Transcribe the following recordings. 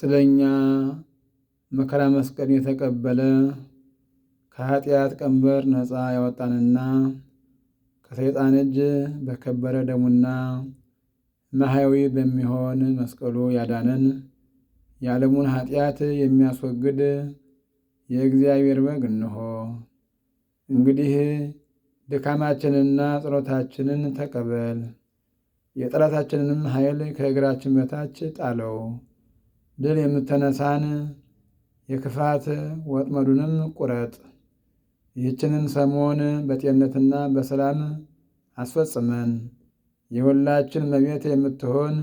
ስለኛ መከራ መስቀል የተቀበለ ከኃጢአት ቀንበር ነፃ ያወጣንና ከሰይጣን እጅ በከበረ ደሙና መሐያዊ በሚሆን መስቀሉ ያዳነን የዓለሙን ኃጢአት የሚያስወግድ የእግዚአብሔር በግ እንሆ። እንግዲህ ድካማችንንና ጸሎታችንን ተቀበል፣ የጠላታችንንም ኃይል ከእግራችን በታች ጣለው። ድል የምተነሳን የክፋት ወጥመዱንም ቁረጥ። ይህችንን ሰሞን በጤነትና በሰላም አስፈጽመን የሁላችን መቤት የምትሆን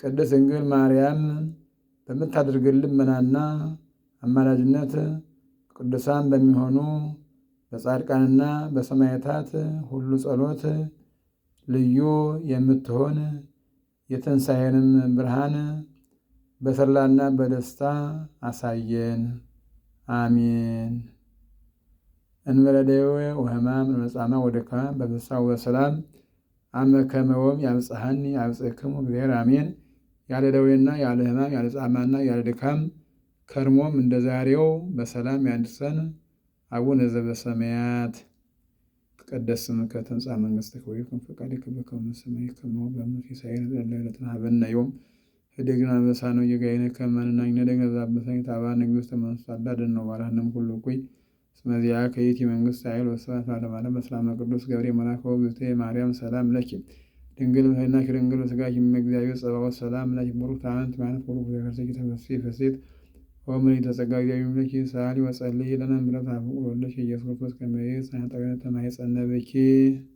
ቅድስት ድንግል ማርያም በምታደርግልን ልመናና አማላጅነት ቅዱሳን በሚሆኑ በጻድቃንና በሰማዕታት ሁሉ ጸሎት ልዩ የምትሆን የትንሣኤንም ብርሃን በሰላና በደስታ አሳየን። አሜን። እንበለደዌ ወሕማም ወመጻማ ወድካም በፍስሓ ወሰላም አመ ከመወም ያብጽሐኒ ያብጽሕክሙ እግዚአብሔር አሜን። ያለ ደዌና ያለ ሕማም ያለ ጻማና ያለ ድካም ከርሞም እንደ ዛሬው በሰላም ያድርሰን። አቡነ ዘበሰማያት ይትቀደስ ስምከ ትምጻእ መንግሥትከ ወይኩን ፈቃድከ በከመ በሰማይ ከማሁ በምድር ሲሳየነ ዘለለዕለትነ ሀበነ ዮም ደግ አንበሳ ነው የጋይነ ከመንናኝ ነደገ ዛብሰኝ ታባ ንግስት ንግሥተ መንሱት ነው ባላህንም ሁሉ ቁይ ስመዚያ ከይቲ መንግስት ሳይል ወስብሐት ባለማለ በሰላም ቅዱስ ገብሬ መልአክ ውእግዝእትየ ማርያም ሰላም ለኪ ድንግል እምኅናኪ ድንግል ወሥጋኪ እም እግዚአብሔር ሰላም ለኪ ብሩክት ታንት ማለት ሁሉ ዘከርሰኪ ተፈሥሒ ፈሴት ወምልዕተ ጸጋ እግዚአብሔር ይምለኪ ሰአሊ ወጸልይ ለነ እምብዕለተ አፍቁር ኢየሱስ ክርስቶስ ከመ ይእዜሰ ኃጢአታዊነ ተማኅፀነ